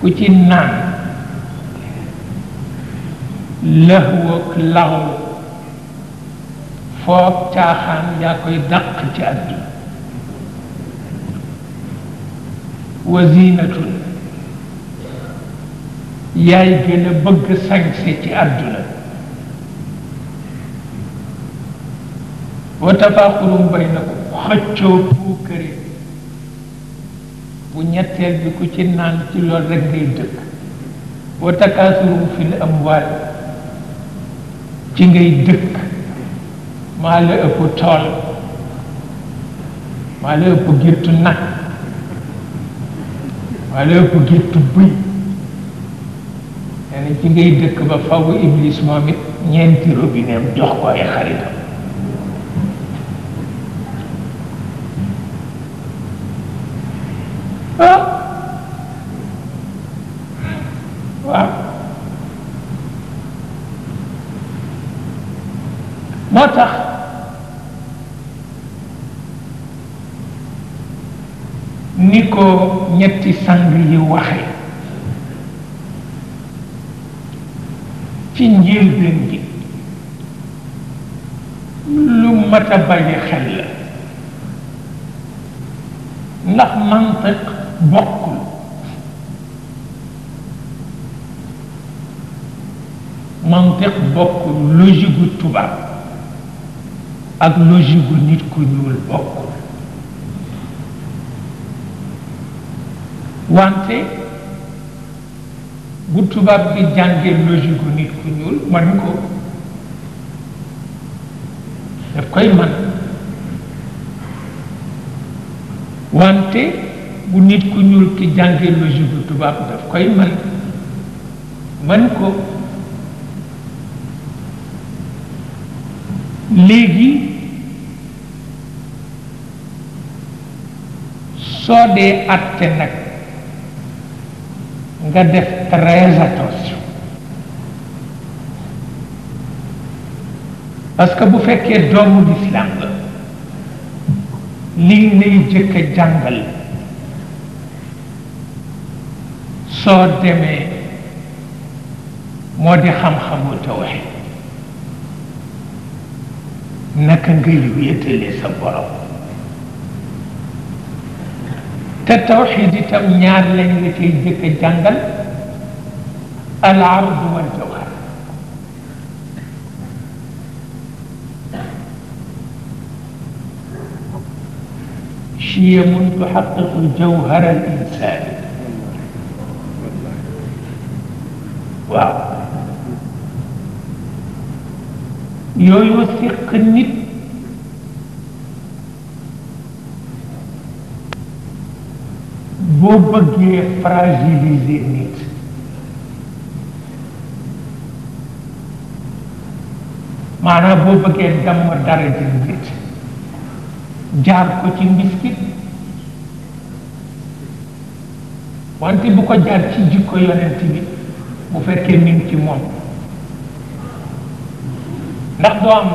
ku ci naan lëxwu ak laxwu foog caaxaan yaa koy dàq ci àdduna wazinatun yaay gën a bëgg sañse ci àdduna wa tafaaqurum baynakum xëccoo puukëri bu ñetteel bi ku ci naan ci lool rek ngay dëkk wa takaasuru fil amwaal ci ngay dëkk maa la ëpp tool maa la ëpp gittu nag maa la ëpp gittu buy nee na ci ngay dëkk ba fawu iblis moom it ñeenti robinet jox ko xaritam moo tax ni ko ñetti sang yi waxe ci njëlbéen bi lu mat xel la ndax mantiq bokkul mantiq bokkul logique tubaab ak logique bu ku ñuul bokkul wante bu tubaab bi jàngee logique bu nit ku ñuul man ko daf koy man wante gu nit ku ñuul ki jàngee logique bu tubaab daf koy man man ko léegi soo dee atte nag nga def très attention parce que bu fekkee doomu lislaam la li lay jëkk jàngal soo demee moo di xam-xamu tawhid naka ngay wéetale sa borom تتوحد تأنيار لن يتيجك الجنجل العرض والجوار شيم تحقق الجوهر الإنسان واو يو يوثق النت boo bëggee fragiliser nit maanaam boo bëggee damm dara ci nit jaar ko ci mbiskit wante bu ko jaar ci jikko yonent bi bu fekkee min ci moom ndax doo am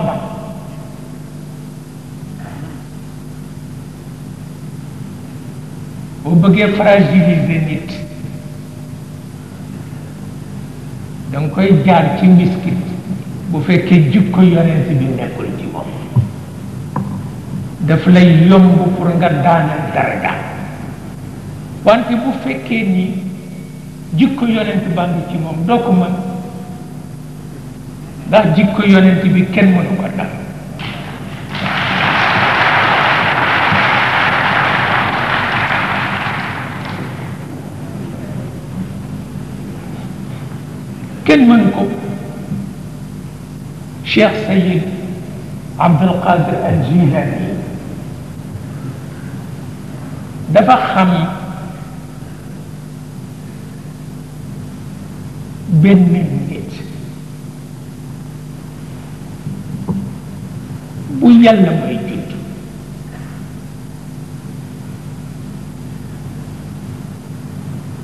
boo bëggee fragiliser nit danga koy jaar ci miskit bu fekkee jikko yonent bi nekkul ci moom daf lay yomb pour nga daanal daraja wante bu fekkee ni jikko yonent baa ci moom doo ko mën ndax jikko yonent bi kenn mënu ko daan كل منكم شيخ سيد عبد القادر الجيلاني تفخم بالمنيت ويا المريدين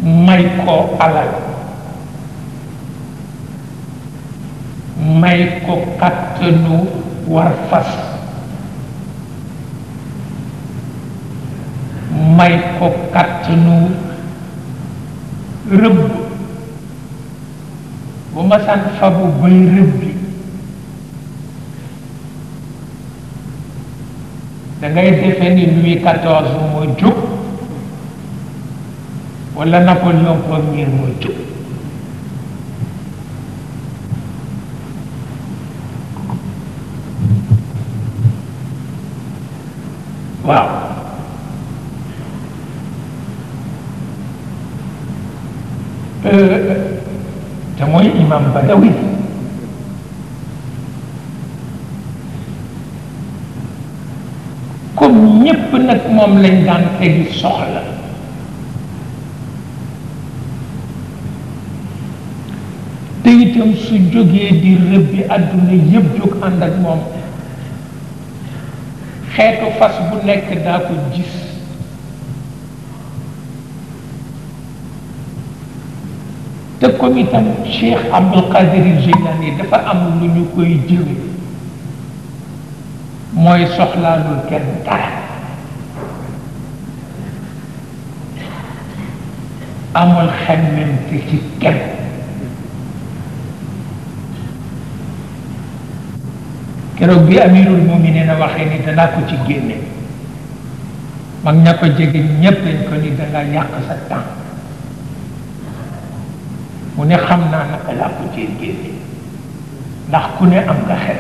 مايكو على may ko kàttanu war fas may ko kàttanu rëbb bu ma san fabu bay rëbbi da defe ni Louis quatorze moo jóg wala Napoléon premier moo jóg te mooy imam Badawi comme ñépp nag moom lañ daan tegi soxla te su jógee di rëbbi àdduna yëpp jóg ànd ak moom xeetu fas bu nekk daa ko gis daf ko itam cheikh abdul qadir jilani dafa am lu ñu koy jëwe mooy soxlaalul kenn dara amul xemmemte ci kenn keroog bi amirul muminina waxee ni danaa ko ci génne mag ña ko jege ñépp ko ni danga yàq sa temps mu ne xam naa naka laa ko génne ndax ku ne am nga xel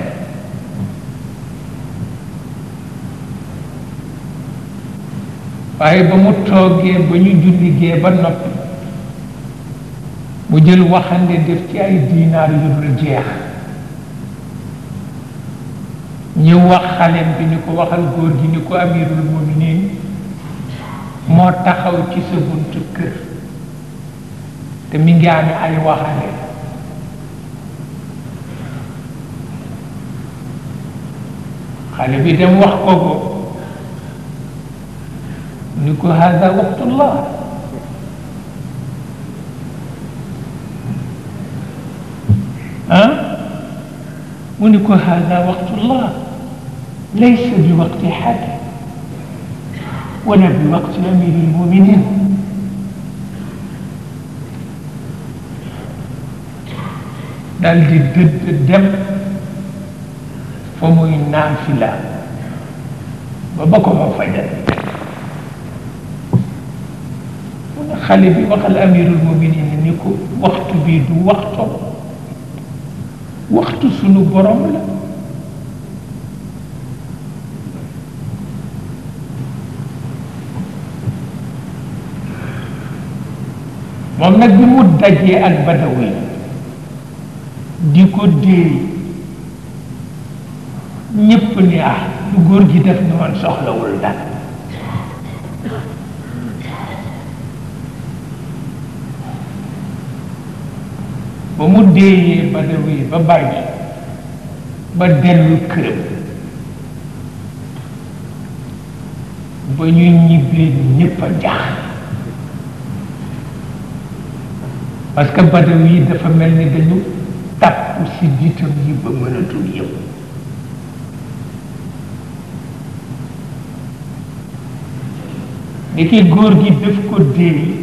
waaye ba mu toogee ba ñu julligee ba noppi mu jël waxande def ci ay diinaar yu dul jeex ñu wax xalem bi ni ko waxal góor gi ni ko amirul muminin moo taxaw ci sa buntu kër te mi ngi amee ay waxande xale bi dem wax ko ko ni ko hada waxtullah ah mu ni ko hada waxtullah laysa bi waqti xad wala bi waqti amiri lmuminin dal di dëdd dem fa muy naafila ba ba ko fa fajal mu ne xale bi waxal amirul muminin ni ko waxtu bi du waxto waxtu sunu borom la moom nag bi mu dajee ak badawi di ko déey ñépp ni ah, lu góor gi def ni man soxlawul dara ba mu déeyee ba dawi ba bàyyi ba dellu këram ba ñu ñibbee ñépp a jaax parce que badaw yi dafa mel ni dañu usidditam yi ba mënatul yëpp ndeke góor gi def ko déeni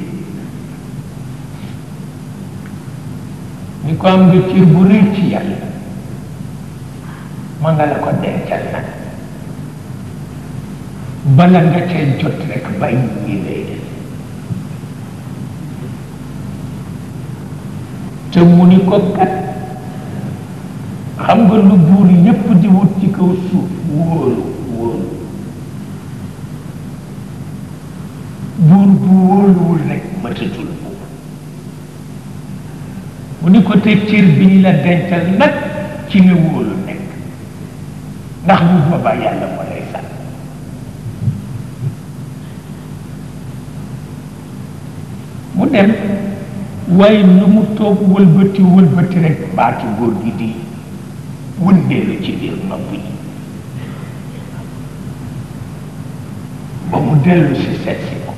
ni ko am nga cër bu rëy ci yàlla ma nga la ko dencal nag bala nga cee jot rek bàyyi ñi lay def te mu ni ko kat xam nga lu buur yépp di wut ci kaw suuf wóolu wóolu buur bu wóoluwul rek matatul buur mu ni ko te cër biñ ñu la dencal nag ci nga wóolu nekk ndax bu boobaa yàlla moo lay sax mu dem waaye lu mu toog wëlbati wëlbati rek baatu góor gi di wëndeelu ci biir nopp yi ba mu dellu si seet ko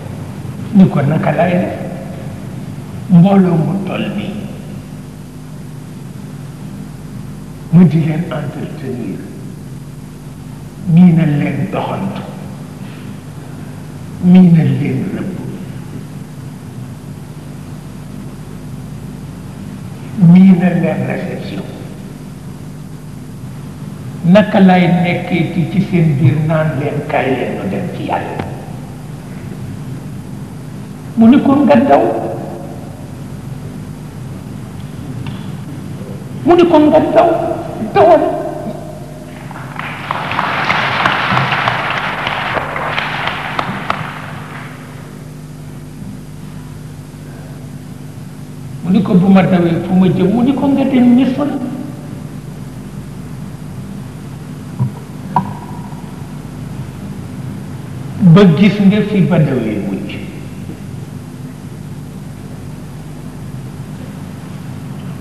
ni ko naka lay mbooloo mu toll bi mu di leen entretenir mii na leen doxantu mii na leen rëbb mii na leen réception naka lay nekkee ci seen biir naan leen kaay leen ñu dem ci yàlla mu ni kon nga daw mu ni kon nga daw fu ma jëm mu ni ko nga dem misal ba gis nga fi badaw yi mujj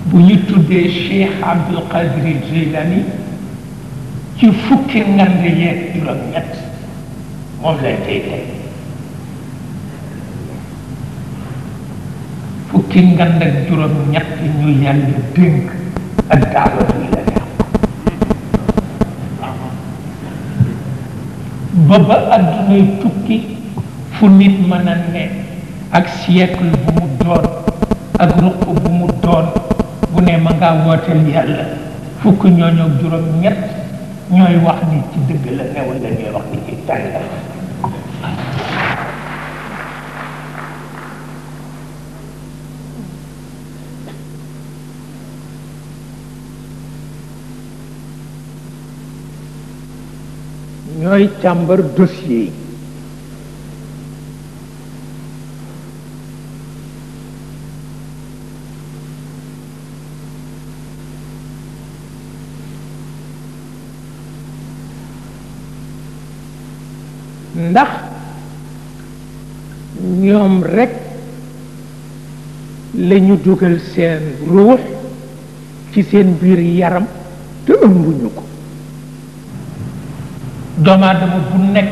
bu ñu tuddee Cheikh Abdul Qadir Jilani ci fukki ngand yeeg juróom-ñett moom lay tey tey fukki ngand ak juróom-ñett ñu yàlla dénk ak daawatu la ba ba addunay tukki fu nit mën a ne ak siècle bu mu doon ak ruq bu mu doon bu ne ma ngaa wooteel yàlla fukk ñooñu ak juróom ñett ñooy wax ni ci dëgg la ne wala ñooy wax ñooy càmbar dossier yi ndax ñoom rekk lañu ñu dugal seen ruux ci seen biir yaram te ëmbuñu ko doomu aadama bu nekk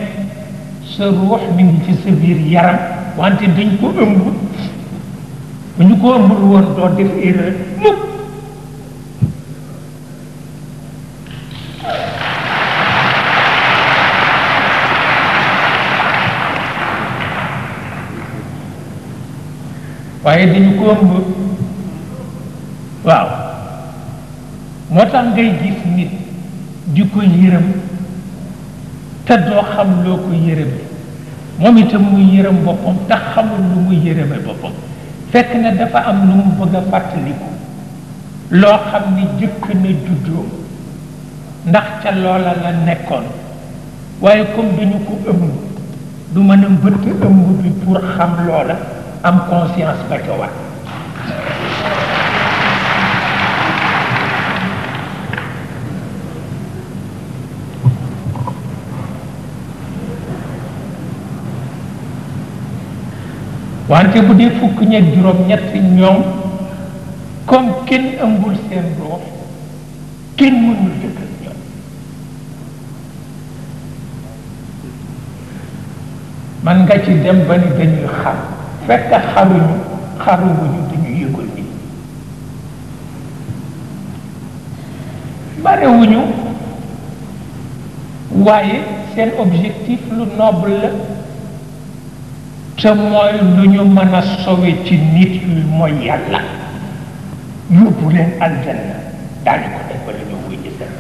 sa ruux mi ngi ci sa biir yaram wante dañ ko ëmb bu ko ëmbul woon doo def erreur mukk waaye dañu ko ëmb waaw moo ngay gis nit di ko yërëm te doo xam loo ko yërëme moom itam muy yërëm boppam te xamul lu muy yërëme boppam fekk na dafa am lu mu bëgg a fàttaliku loo xam ni jëkk na juddoo ndax ca loola la nekkoon waaye comme dañu ko ëmb du mën a mbëtt ëmb bi pour xam loola am conscience ba ca wante bu dee fukk ñeeg juróom-ñett ñoom comme kenn ëmbul seen roof kenn mënul dëkk ñoom man nga ci dem ba ni dañuy xar fekk xaruñu xaruwuñu duñu yëgul ni barewuñu waaye seen objectif lu noble la te mooy lu ñu mën a sowe ci nit yu mooy yàlla yóbbu leen aljanna daañu ko def wala ñu wuy seen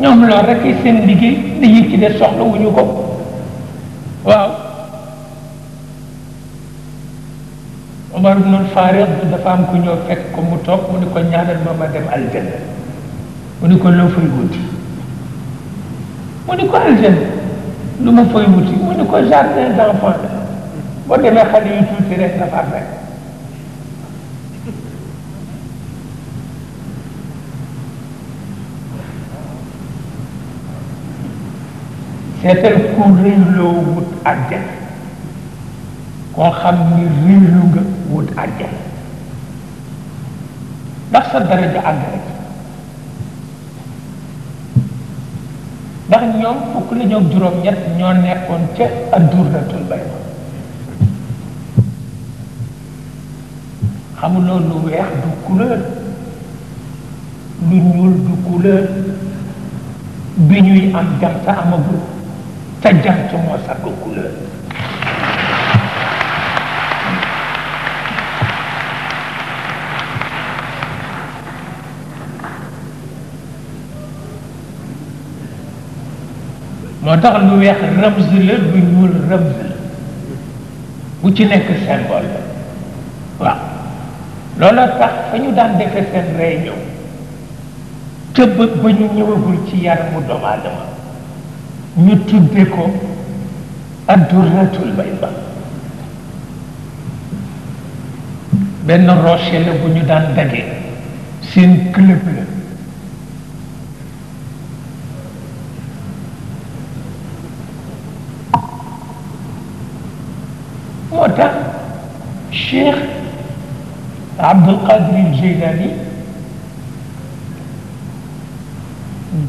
ñoom loolu rek seen liggéey dañuy ci des soxla wuñu ko waaw Umar ibnul Farid dafa am ku ñëw fekk ko mu toog mu ne ko ñaanal ma ma dem aljanna ونكون لو فيغوتي ونكون الجنة لما فيغوتي ونكون جاردين دانفون ولا ما خلي يتوتي لك نفعك seetal ku réyloo wut arjan koo xam ni réylu nga wut arjan ndax sa daraja àgg rek ndax ñoom fukk la ñoom juróom ñett ñoo nekkoon ca adur na tul bay xamu loolu lu weex du couleur lu ñuul du couleur bi ñuy am jant amagul ca jant moo sàkk couleur moo tax lu weex ramz la lu ñuul ramz la bu ci nekk symbole la waaw loola tax fa ñu daan defe seen réunion ca bët ba ñu ñëwagul ci mu doomu aadama ñu tudde ko addurratul bayda benn rocher bu ñu daan dagee seen club la الشيخ عبد القادر الجيلاني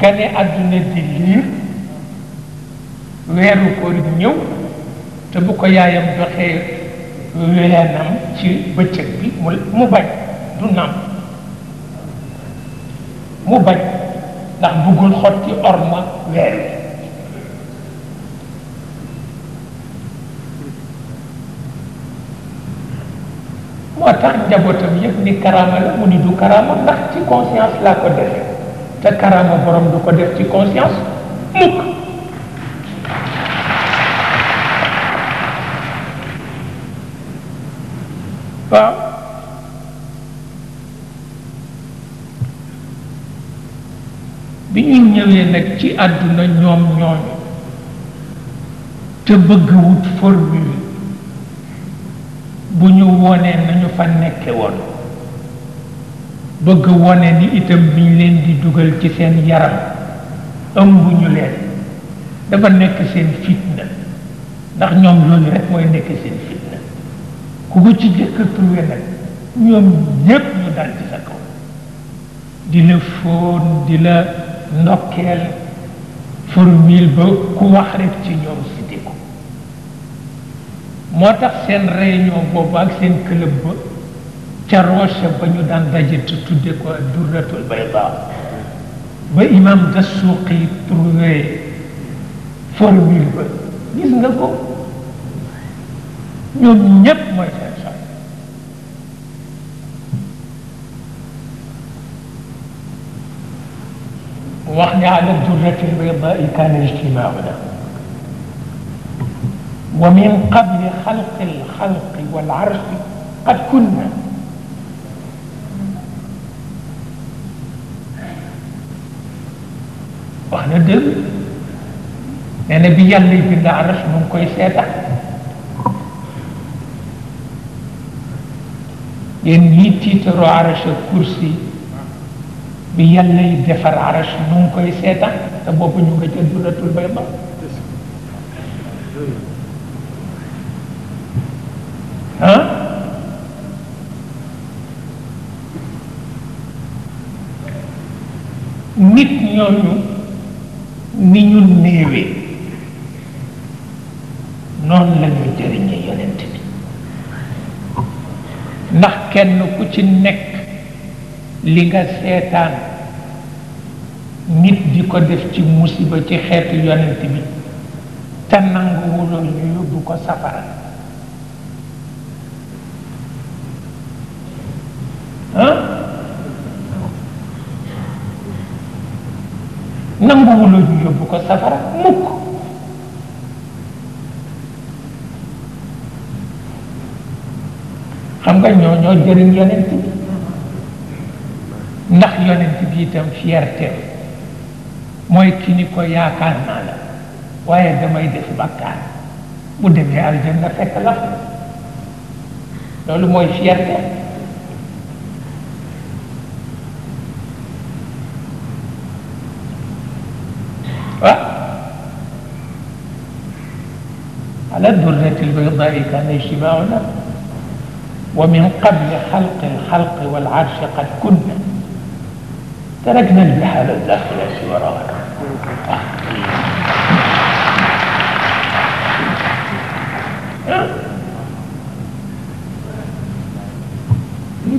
غاني ادنا دي لير ويرو كور نيو تبوكا يايام بخي ويرانام تي بچك بي مو باج دو نام مو باج نخ بوغول خوتي اورما ويرو tax njabootam yëpp ni karama la mu ni du karama ndax ci conscience laa ko def te karama borom du ko def ci conscience mukk waaw bi ñu ñëwee nag ci àdduna ñoom ñooñu te bëgg wut formule bu ñu wonee nañu fa nekke woon bëgg wone ni itam biñ leen di dugal ci seen yaram ëmb ñu leen dafa nekk seen fitna ndax ñoom loolu rek mooy nekk seen fitna ku ko ci jëkk trouvé ñoom ñépp ñu dal sa kaw di la fóon di la ndokkeel formule ba ku wax rek ci ñoom si moo tax seen réunion boobu ak seen club ba ca roche ba ñu daan daje te tudde ko durratul bayda ba imam Dasuuqi trouvé formule ba gis nga ko ñoom ñépp mooy seen soxla wax ne ala durratul bayda i kaana ijtimaau ومن قبل خلق الخلق والعرش قد كنا وانا دم انا بيا اللي في العرش من كويس هذا يمي يعني تيترو عرش الكرسي بيا اللي دفر عرش من كويس هذا تبوا بنيوك تدولة البيضة nit ñooñu ni ñu néewee noonu la ñuy yonent bi ndax kenn ku ci nekk li nga seetaan nit di ko def ci musiba ci xeetu yonent bi te nanguwuloo ñu yóbbu ko safara nanguwuloo ñu yóbbu ko safara mukk xam nga ñoo ñoo jëriñ yonent bi ndax yonent bi itam fierté mooy kii ni ko yaakaar naa la waaye damay def bàkkaar bu demee aljanna fekk la loolu mooy fierté الذرة البيضاء كان اجتماعنا ومن قبل خلق الخلق والعرش قد كنا تركنا البحر الداخلة وراءنا أه؟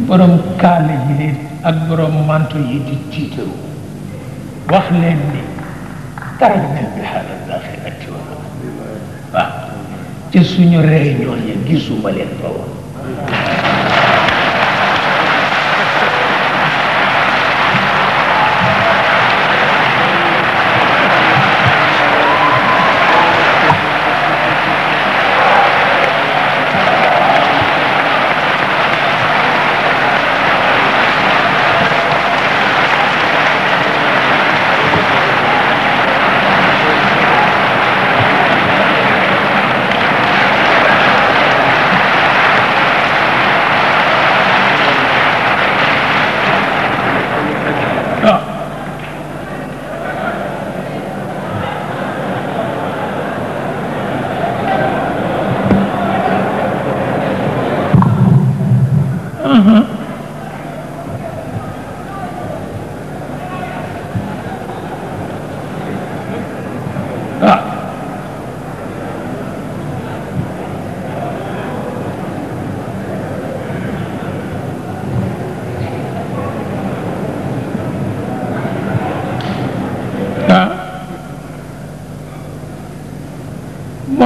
برم كالي جديد أكبرم مانتو يدي تيترو وخلين لي تركنا البحر الداخل وراءنا ci suñu réunion yi gisuma leen fa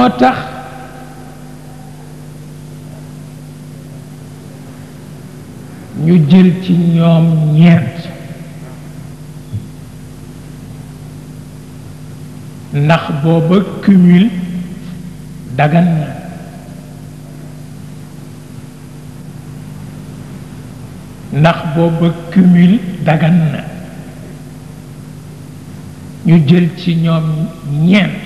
moo tax ñu jël ci ñoom ñeent ndax booba cumul dagan na ndax booba cumul dagan na ñu jël ci ñoom ñeent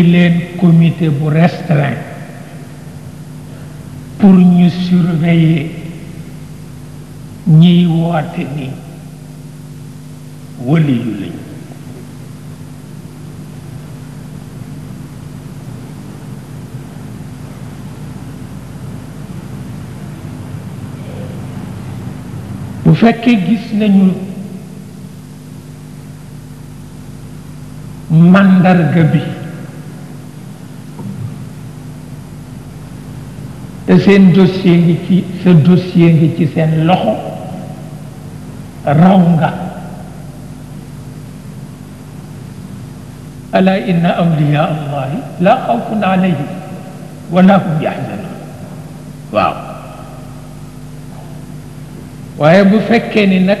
il est un comité pour restreindre pour nous surveiller ni ou à tenir ou à l'élu. Vous faites que vous êtes un mandat nous. te seen dossier ngi ci sa dossier ngi ci seen loxo raw nga ألا إن أولياء الله لا خوف عليهم ولا هم يحزنون waaw waaye bu fekkee ni nag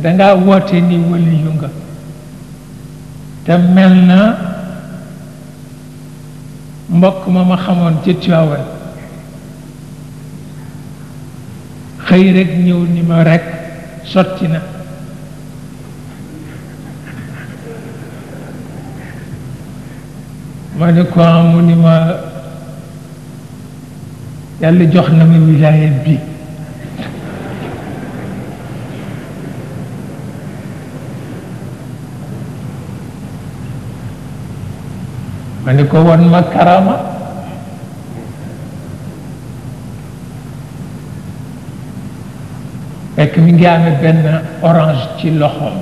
dangaa woote ni waliyu nga te mel na mbokk ma ma xamoon ca Tiwaawan xëy rek ñëw ni ma rek sotti na ma ne ko ah, mu ni ma yàlla jox na ma bi ma ne ko won ma karama fekk mi ngi amee benn orange ci loxoom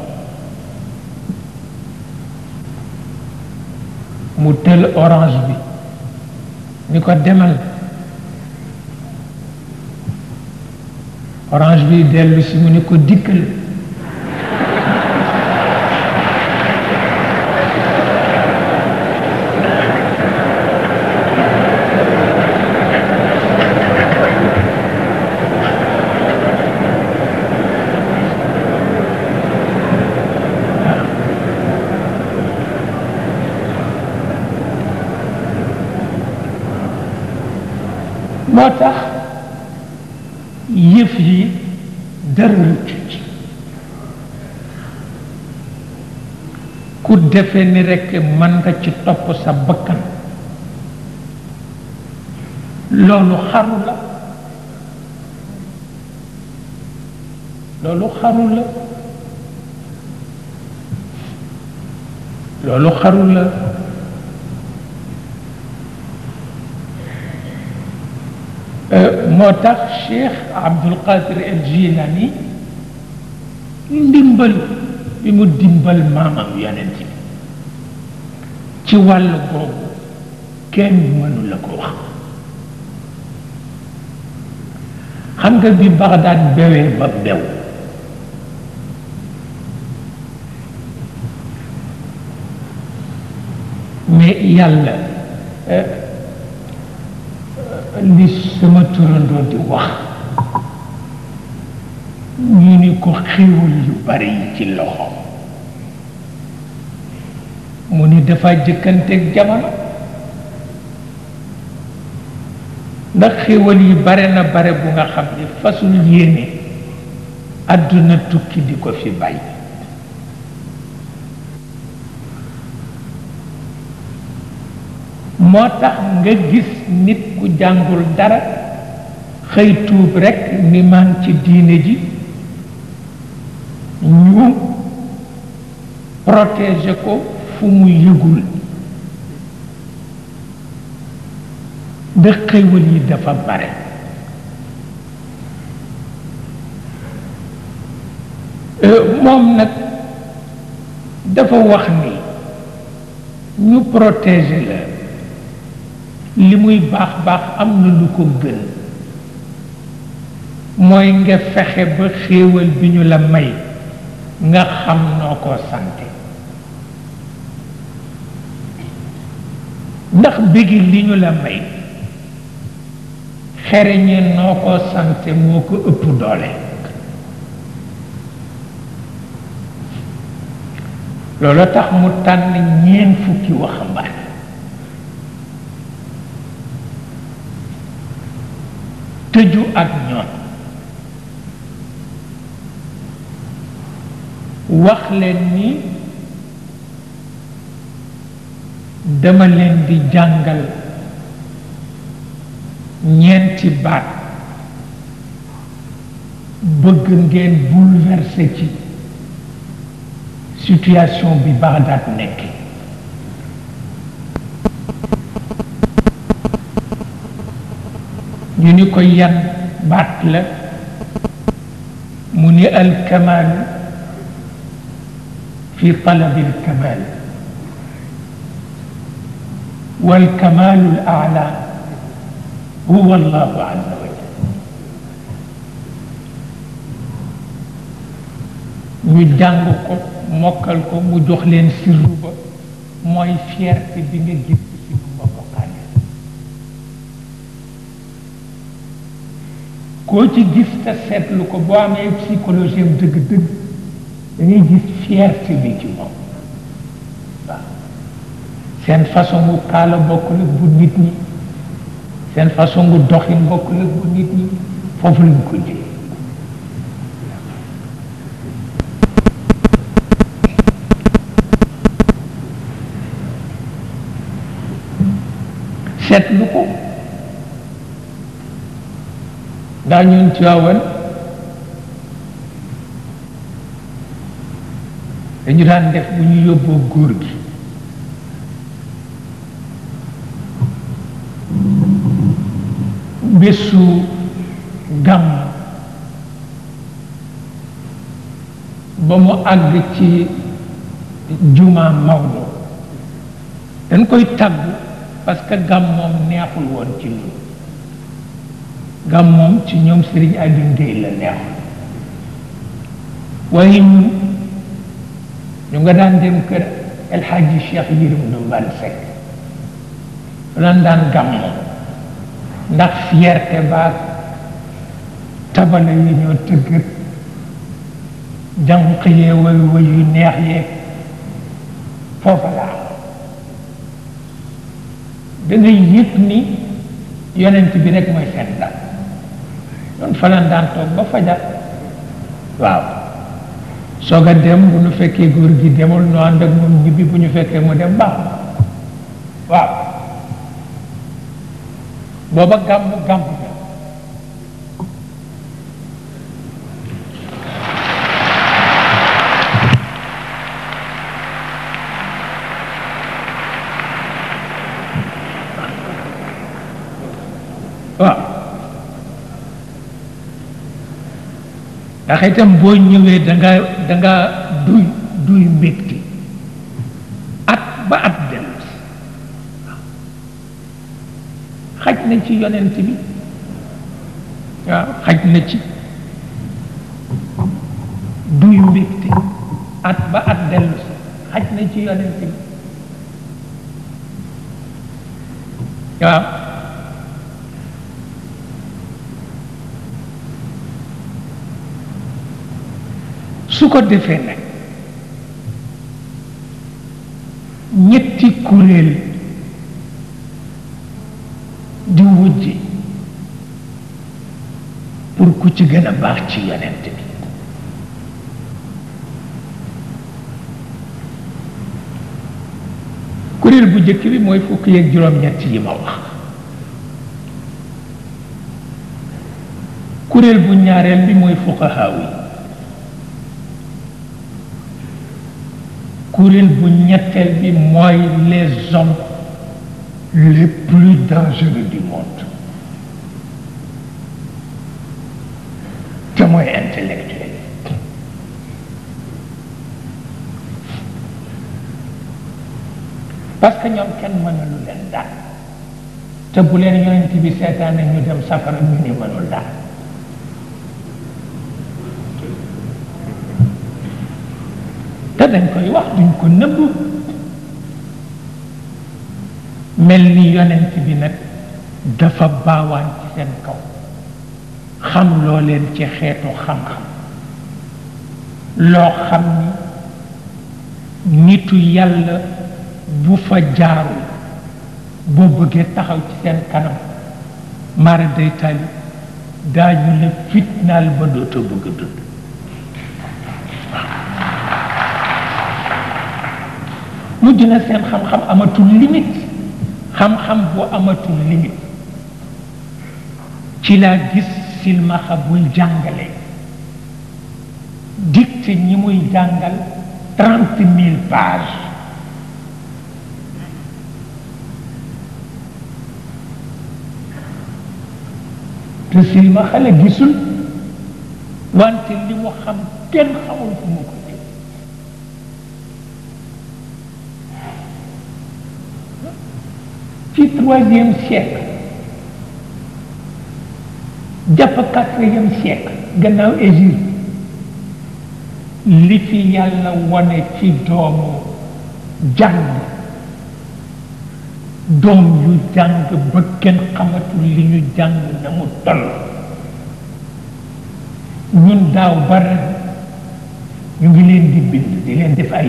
mu tël orange bi ni ko demal orange bi dellu si mu ni ko dikk moo tax yëf yi dara rëccu ci ku defe ni rekk mën nga ci topp sa bakkan loolu xaru la loolu xaru loolu xaru la moo tax cheikh abdul qadir el jilani ndimbal bi mu dimbal maamam yonent bi ci wàll boobu kenn mënu la ko wax xam nga bi bagdad bewee ba bew mais yàlla li sama turandoo di wax ñu ni ko xéwal yu bari yi ci loxo mu ni dafa jëkkanteeg jamono ndax xéwal yi bare na bare bu nga xam ni fasul yéene àdduna tukki di ko fi bàyyi moo tax nga gis nit ku jàngul dara xëy rekk ni maan ci diine ji ñu protéger ko fu mu yëgul da xéwal yi dafa bare moom nag dafa wax ni ñu protéger la li muy baax baax am na lu ko gën mooy nga fexe ba xéewal bi ñu la may nga xam noo ko sante ndax bëggi li ñu la may xereñe noo ko sante moo ko ëpp doole loolu tax mu tànn ñeen fukki waxambaane tëju ak ñoom waxleen ni dama leen di jàngal ñeenti baat bëgg ngeen bouleversé ci situation bi Bagdad nekkee ñu ni ko yan baat la mu ni alkamal fi talabi alkamal والكمال الأعلى هو الله عز وجل ñu jàng ko mokkal ko mu jox leen sirru ba mooy fierté bi nga gis koo ci gis te seetlu ko boo amee psychologie am dëgg-dëgg dañuy gis fierté bi ci moom waaw seen façon gu kaala bokkul ak bu nit ñi seen façon gu doxin bokkul ak bu nit ñi foofu lañ ko jëlee seetlu ko ndax ñun Tiwaawan dañu daan def bu ñu yóbboo góor gi bésu gàmm ba mu àgg ci juma Maodo dañ koy tàgg parce que gàmm moom neexul woon ci ñun gam moom ci ñoom sëriñ Alioune Gueye la neexoon waaye ñun ñu nga daan dem kër El Hadji Cheikh Yérim Ndoumban Seck lan daan gam ndax fierté baag yi ñoo tëgg jànq yee way way neex yee foofa laa da ngay yëg ni yonent bi rek mooy seen dal ñoom falan daan toog ba fajar waaw soog a dem bu ñu fekkee góor gi demul ñu ànd ak moom ñibbi bu ñu fekkee mu dem baax waaw booba gàmmu gàmmu ndax itam boo ñëwee danga danga duy duy mbégte at ba at dem xaj na ci yonent bi waaw xaj na ci duy mbégte at ba at dellu xaj na ci yonent bi waaw ko ñetti kuréel di wujji ku ci gën a baax ci yonent kuréel bu jëkk bi mooy fukk yeeg juróom-ñett yi ma wax kuréel bu ñaareel bi mooy fuqahaa yi Pour courir bougnettel bi moi les hommes les plus dangereux du monde. C'est Témoin intellectuel. Parce que nous avons quand même le Si vous voulez, rien dire, c'est un ennemi de sa famille, mais nous avons le lendemain. te koy wax duñ ko nëbb mel ni yonent bi nag dafa baawaan ci seen kaw xam loo leen ci xeetu xam-xam loo ni nitu yàlla bu fa jaarul boo bëggee taxaw ci seen kanam mara day tali daañu la fitnaal ba dootoo bëgg a dund mujj na seen xam-xam amatul limite xam-xam bu amatul limite ci laa gis silmaxa buy jàngale dicte ñi muy jàngal trente mille pages te silmaxa la gisul wante li mu xam kenn xamul fu mu ko ci troisième siècle jàpp quatrième gannaaw Égypte li fi yàlla wane ci doomu jàng doom yu jàng ba kenn xamatul li ñu jàng na mu toll ñun daaw bare ñu ngi leen di bind di leen def ay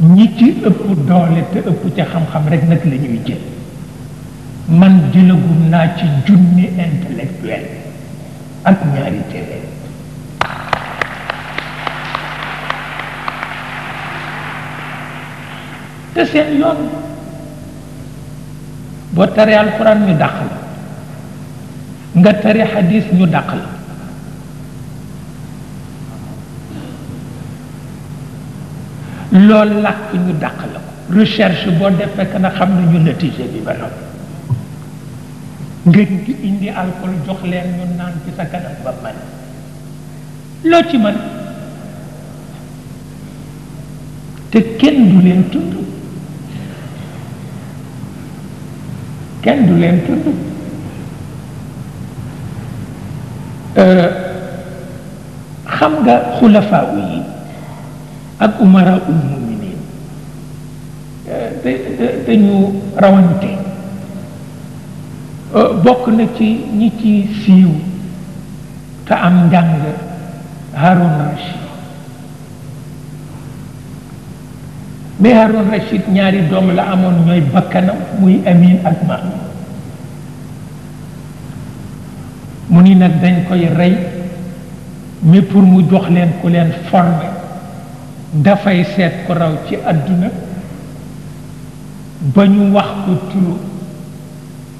ñi ci ëpp doole te ëpp ci xam-xam rek nag la ñuy jël man jëlagum naa ci junni intellectuel ak ñaari télé te seen yoon boo taree alxuraan ñu dàq la nga taree xadis ñu dàq la lool làkk ñu dàq la ko recherche boo def fekk na xam nañu natiija bi ba noppi nga indi alcool jox leen ñu naan ci sa kanam ba man loo ci mën te kenn du leen tudd kenn du leen tudd euh, xam nga xulafaawu yi ak umara ul te ñu rawante bokk na ci ñi ci siiw te am njàng harun rashid mais harun rashid ñaari doom la amoon ñooy bakkanam muy amin ak ma mu ni nag dañ koy rey mais pour mu jox leen ku leen former dafay set ko raw ci àdduna ba ñu wax ko turu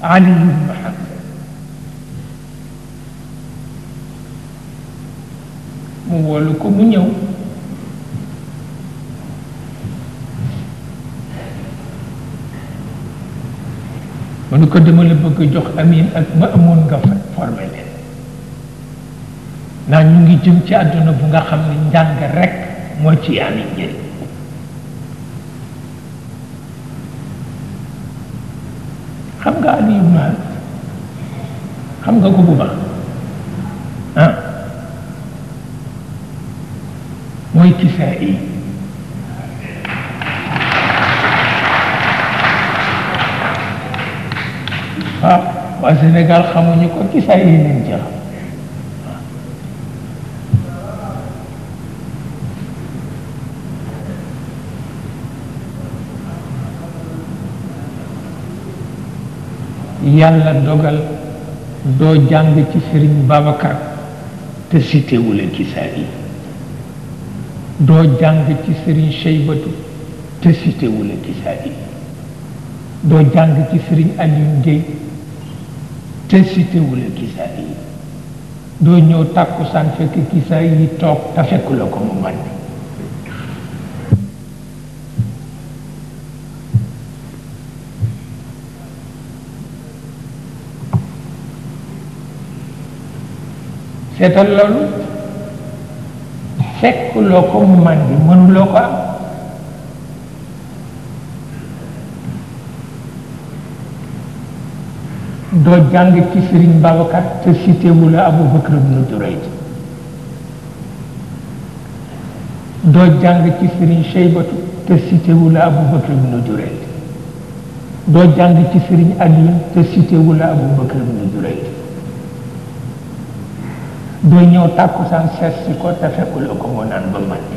ali ibn hamza mu wolu ko mu ñëw mënu ko dama la bëgg jox amin ak ma amoon nga formé leen naa ñu ngi jëm ci àdduna bu nga xam ne rek moitié amin ñeri xam nga ali ibn al xam nga ko bu baax ah mooy kisaa yi ah waa Sénégal xamuñu ko kisaa yi lañ ci xam yàlla dogal doo jàng ci sëriñ Babacar te sitewula kisaa yi doo jàng ci sëriñ Cheybatu te sitewula kisaa yi doo jàng ci sëriñ Alioune Gueye te sitewula kisaa yi doo ñëw tàkkusaan fekk kisaa yi toog te fekku la ko mu màndi seetal loolu fekk loo ko mu man bi mënuloo ko am doo jàng ci Serigne Babacar te cité wu la Abu Bakr ibn Durayd doo jàng ci Serigne Cheybatu te cité wu la Abu Bakr ibn Durayd doo jàng ci Serigne Aliou te cité wu la Abu Bakr ibn Durayd dañoo tak seet si ko te fekkul bermati.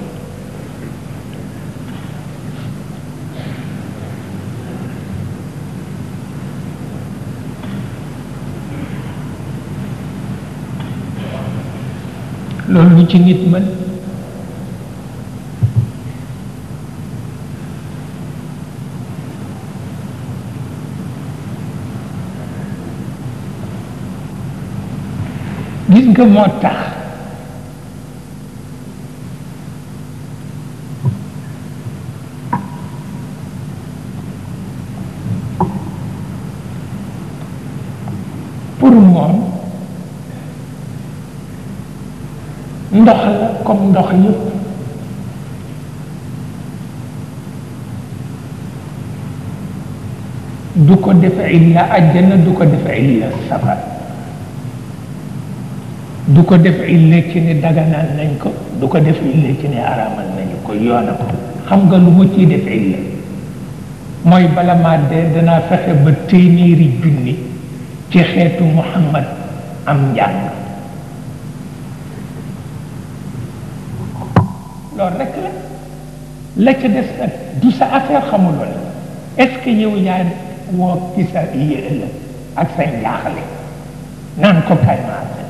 Lalu naan ba gemetar. pour moom ndox la comme ndox yëpp du ko defe illa sabar. du ko defe illa safara du ko def ille ci ni daganal nañ ko du ko def ille ci ni aramal nañu ko yoona ko xam nga lu ma ciy def ille mooy bala maa dee danaa fexe ba téeméeri junni ci xeetu muhammad am njàng loolu rek la la ca des nag du sa affaire xamuloo la est ce que yow yaa woo ci sa yële ak sa njaaxle naan ko kay maa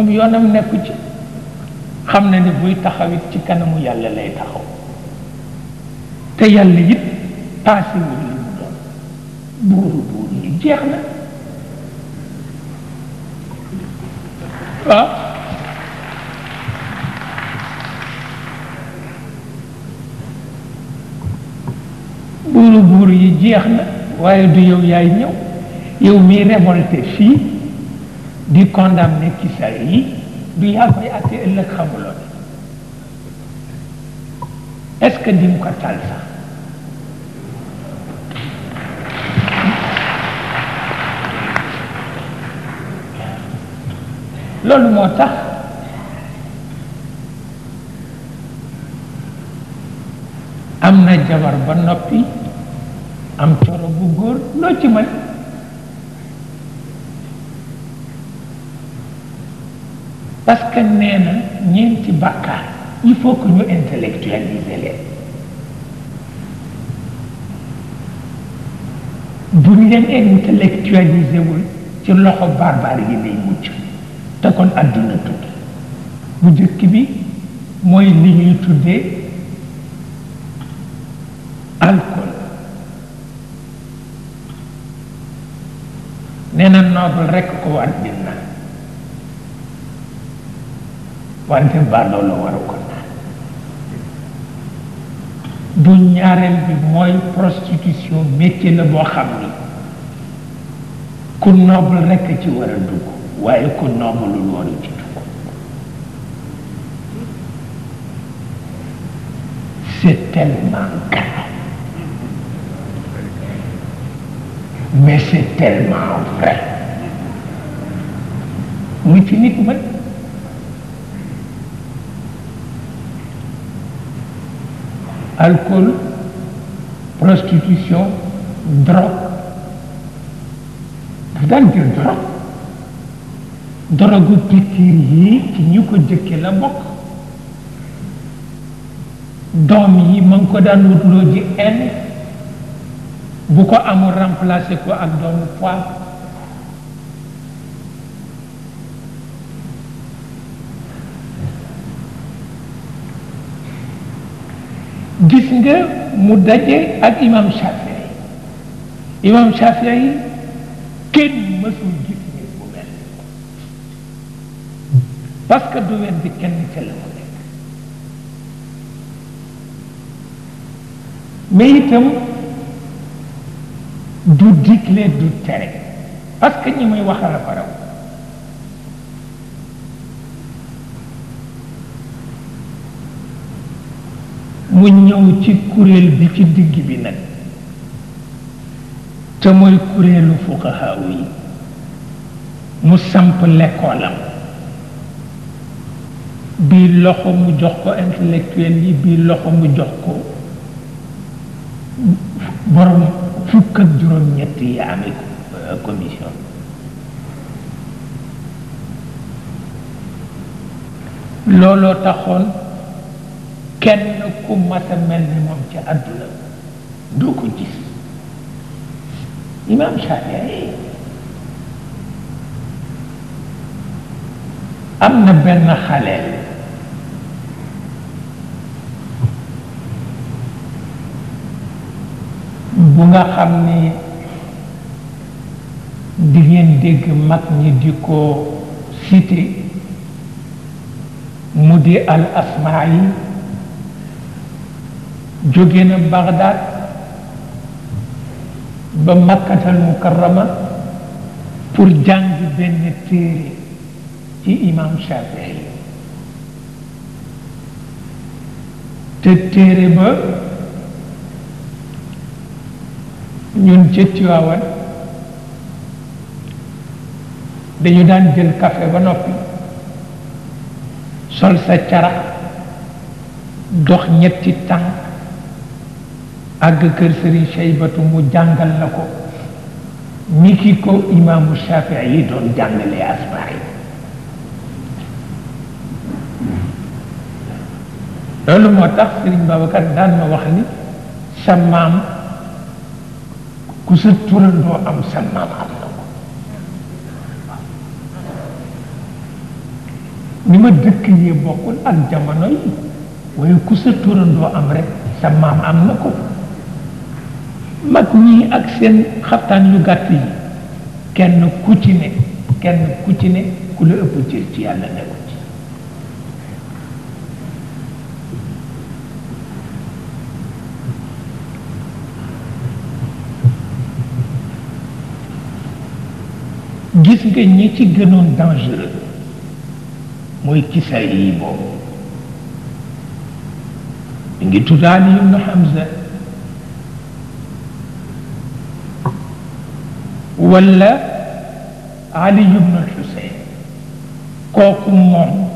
moom yoonam nekku ci xam na ni buy taxawit ci kanamu yàlla lay taxaw te yàlla it paasewul li mu buuru na waaw buuru yi jeex na waaye du yow yaay ñëw yow miy révolté fii di condamné ci saa yi du yaa koy àtte ëllëg xamuloo est-ce que di ko tal sax loolu moo tax am na jabar ba noppi am coro bu góor loo ci mën parce que nee na ñeenti bàkkaar il faut que ñu intellectualiser leen buñ leen intellectualiser ci loxo barbare yi lay mucc te kon àdduna tukki bu jëkk bi mooy li ñuy tuddee alcool nee na rekk ko war bi wante baadoolo la waru ko du ñaareel bi mooy prostitution métier la boo xam ni ku noble rekk ci war a dugg waaye ku noblul waru ci dugg c'est tellement grave mais c'est tellement vrai lu ci nit mën alcool prostitution drogue daf daan jël drogue dorogu pikiir yi ci ñu ko jëkke la bokk doom yi ma ngi ko daan wutloo ji en bu ko amul remplacé ko ak doomu poivre gis nga mu daje ak imam Shafii imam Shafii kenn mësul gis nit bu mel parce que du wet bi kenn ca la itam du digle du tere parce que ñi muy wax a faraw mu ñëw ci kuréel bi ci digg bi nag te mooy kuréelu fuqahaaw yi mu samp lekkoolam bii loxo mu jox ko intellectuel yi bii loxo mu jox ko borom fukk ak juróom ñett yi amee commission looloo taxoon kenn ummatam mel ni moom ca adduna doo ko gis imam shafii am na benn xale bu nga xam ni di ngeen dégg mag ñi di ko cité mu di al asmaa yi jóge na Bagdad ba makkatal mukarrama pour jàng benn téere ci imam Shafii te téere ba ñun ca dañu daan jël café ba noppi sol sa cara dox ñetti tànk àgg keur sëriñ shaybatu mu jàngal lako niki ko imam Shafii don jangale asbahi asmaa yi loolu moo tax sëriñ Babacar daan ma wax ni sa maam ku sa turandoo am sa maam am na ni ma dëkk yi bokul ak jamono yi waaye ku sa turandoo am rek sa am nako mag ñii ak seen xaftaan yu gàtt yi kenn ku ci ne kenn ku ci ne ku la ëpp cër ci yàlla nekku ci gis nga ñi ci gënoon dangereux mooy kisa yi boobu mi ngi tuddaani ibnu Hamza ولا علي بن الحسين كوكو موم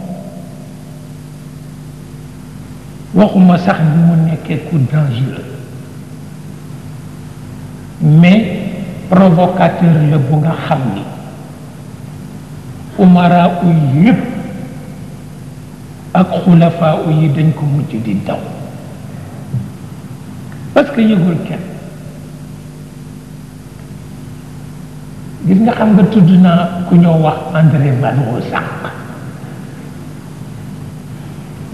واخوما صاح نمو نيكو دانجير مي بروفوكاتور لا بوغا خامني عمراء ييب اك خلفاء يي دنجكو مجي دي داو باسكو يغول كين gis nga xam nga tudd naa ku ñoo wax andré balou sànq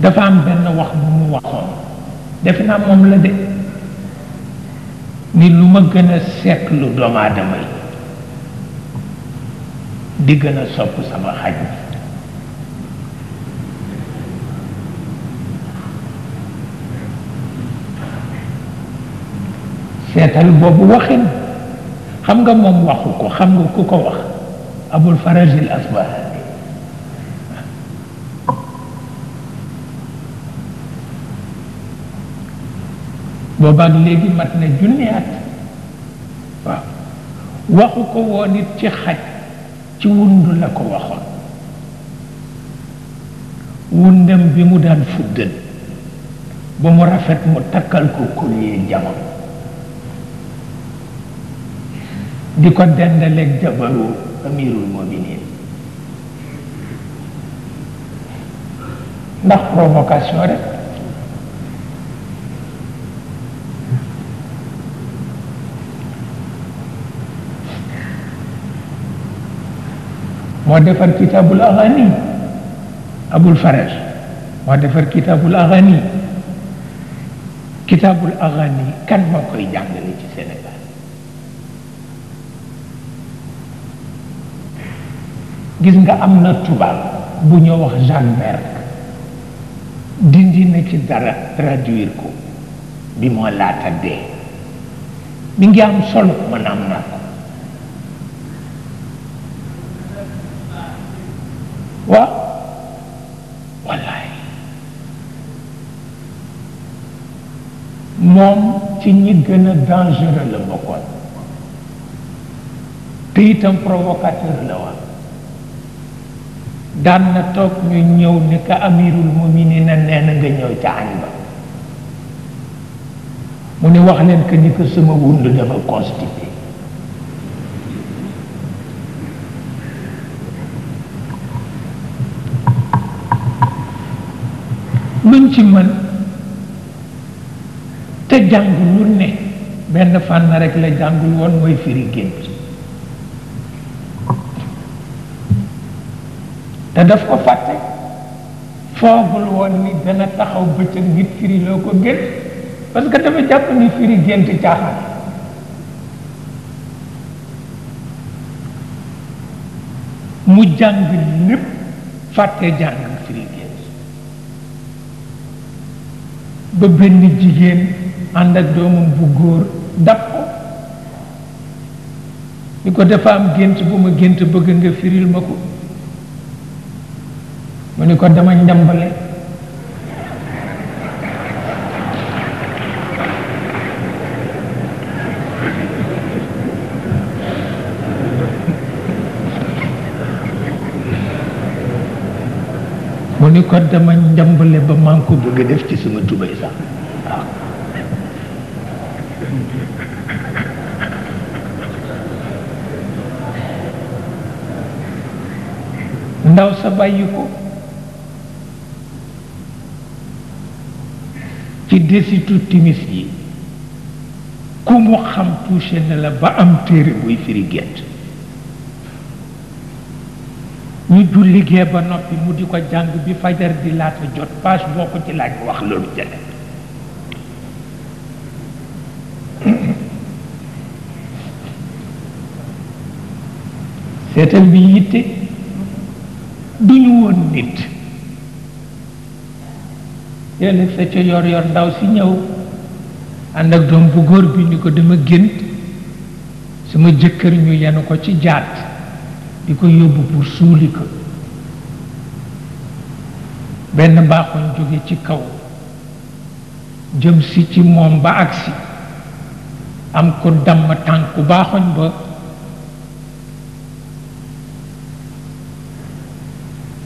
dafa am benn wax bu mu waxoon defe naa moom la de ni lu ma gën a seetlu doomu aadama yi di gën a sopp sama xaj seetal boobu waxin xam nga moom waxu ko xam nga ku ko wax abul faraj al asbah boobaag léegi mat na junni at waaw waxu ko woon it ci xaj ci wundu la ko wundam bi mu rafet mu takkal ko kulyee jamono di ko dendaleeg jabaru amirul muminin Nak provokasi orang. moo defar kitabul aghani abul faraj moo defar kitabul aghani kitabul aghani kan mau koy jàngale ci sénégal gis nga am na tubaab bu ñoo wax Jeanne d'Arc dindi na ci dara traduire ko bi moo laata dee bi ngi am solo man am na ko waaw wallaay moom ci ñi gën a la bokkoon te itam provocateur la woon Dan na toog ñu ñëw ne ka amirul muminina nee na nga ñëw ca añ ba mu ne wax leen que ni ko sama wund dafa constipé luñ ci te jàng lu ne benn fànn rek la jàngul woon mooy firi gént te daf ko fàtte foogul woon ni dana taxaw bëccëg ngir firi loo ko gént parce que dafa jàpp ni firi gént caaxaan mu jàng lépp fàtte jàng firi gént ba benn jigéen ànd ak doomam bu góor dab ko ni ko dafa am gént bu ma gént bëgg nga firil ma ko mu ni ko dama njambale mu ni ko dama njambale ba maa ngi ko bëgg def ci sama tubay sax ndaw sa ko ci desitu timis yi ku mu xam touché na la ba am téere buy firi gént ñu julli gee ba noppi mu di ko jàng bi fajar di laata jot page boo ko ci laaj wax loolu jële seetal bi yitte du ñu woon nit yéen nag sa ca yor yor ndaw si ñëw ànd ak doom bu góor bi ñu ko dama gént sama jëkkër ñu ko ci jaat di ko yóbbu pour suuli ko benn baaxoon jóge ci kaw jëm si ci moom ba agsi am ko damm tànku baaxoñ ba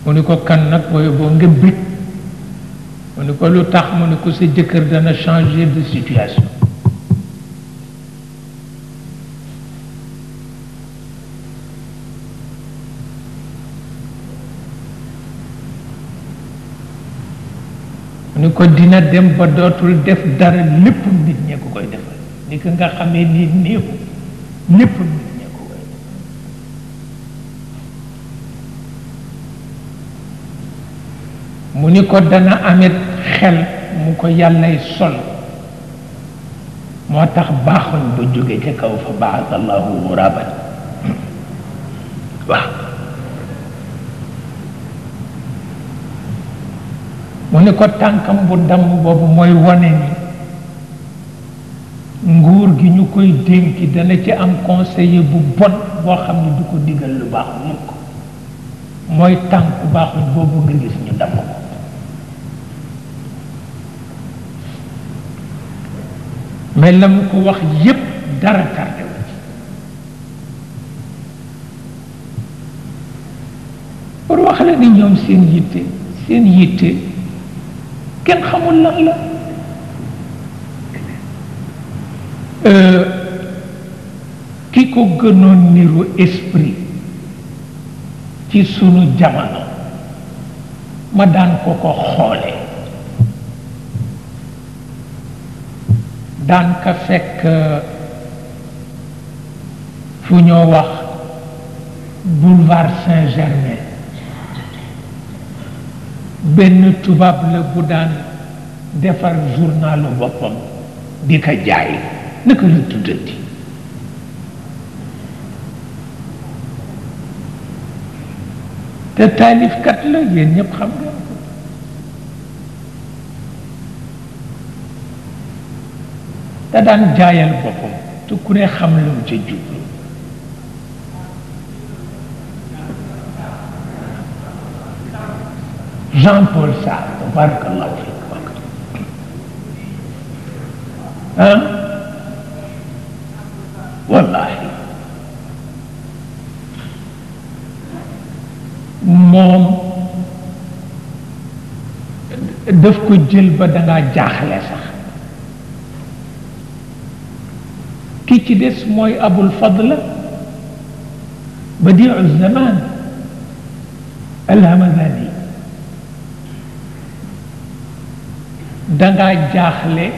mu ni ko kan nag booy boo nga mu ne ko lu tax mu ne ko sa jëkkër dana changer de situation mu ne ko dina dem ba dootul def dara lépp nit ñi ko koy defal ni ko nga xamee ni néew lépp mu ni ko dana amit xel mu ko yàllay sol moo tax baaxoon ba jóge ca kaw fa baasa allahu guraban waaw mu ni ko tànkam bu damm boobu mooy wone ni nguur gi ñu koy dénki dana ci am conseiller bu bon boo xam ne du ko digal lu baax mooy tànk baaxul boobu nga gis ñu damm ko mais la mu ko wax yépp dara tardé wu pour wax ni ñoom seen yitte seen yitte kenn xamul lan la euh, ki ko gënoon niru esprit ci sunu jamono ma daan ko ko xoole daan ka fekk fu ñoo wax boulevard Saint-Germain benn tubaab la bu daan defar journalu boppam di ko jaay naka la tuddati te taalifkat la yéen ñëpp xam ngeen ko da daan jaayal boppam te ku ne xam lu mu ca jublu Jean Paul Sartre barkallahu fik ah daf ko jël ba da nga jaaxle sax ki ci des mooy abul fadl badiu zaman alhamadani da nga jaaxle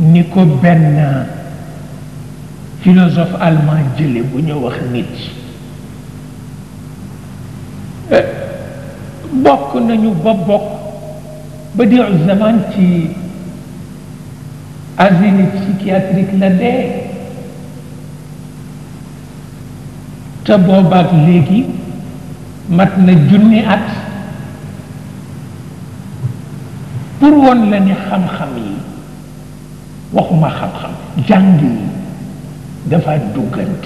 ni ko benn philosophe allemand jële bu ñu wax nit bokk nañu ba bokk بدیع الزمان چی عزیل پسیکیاتریک لده تا باق لیگی متن جنی ات پروان لنی خم خمی وخما خم خم جنگی دفع دوگن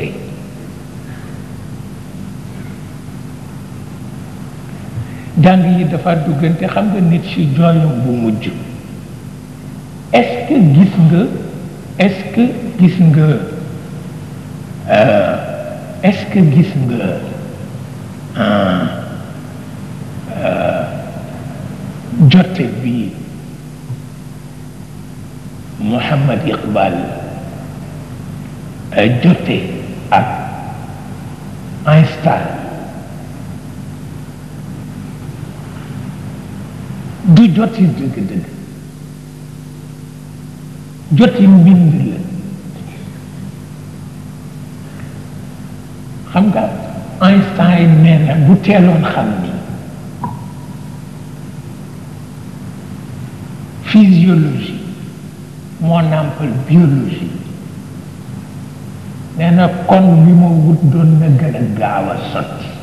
jàng yi dafa duggante xam nga nit ci jooyo bu mujj est-ce gis nga est-ce que gis nga euh, euh, euh, jote bi Mouhamad Iqbal jote ak Einstein du jot ci dëgg-dëgg jot ci mbind la xam nga Einstein nee na bu teeloon xam ni physiologie moo nàmpal biologie nee na kon li ma wut doon na gën a gaaw a sotti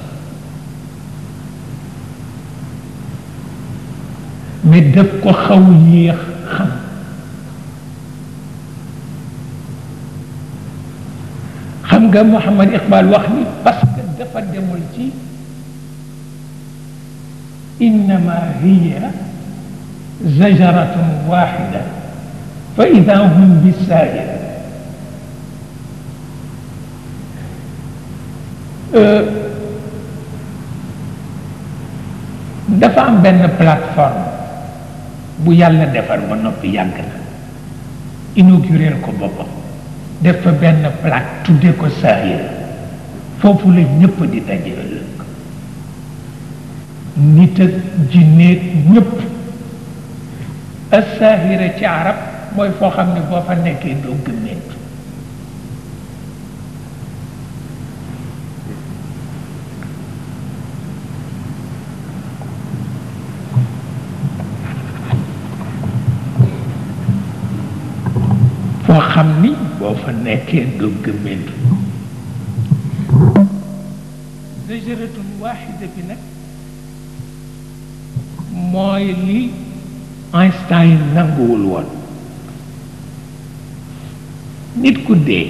mais daf ko xaw yéex xam xam nga Mouhamad Iqbal wax ni parce que dafa demul ci إنما هي زجرة واحدة فإذا هم بالساهرة dafa am benn plateforme bu yàlla defar ba noppi yàgg na inaugurer ko boppam def fa benn plaque tudde ko Sahir foofu la ñëpp di daje ëllëg nit ak jinneeg ñëpp as ci arab mooy foo xam ne boo fa nekkee doo gëmmee fa nekkee nga gëmmentu zajaratun waaxida bi nag mooy li Einstein nanguwul woon nit ku dee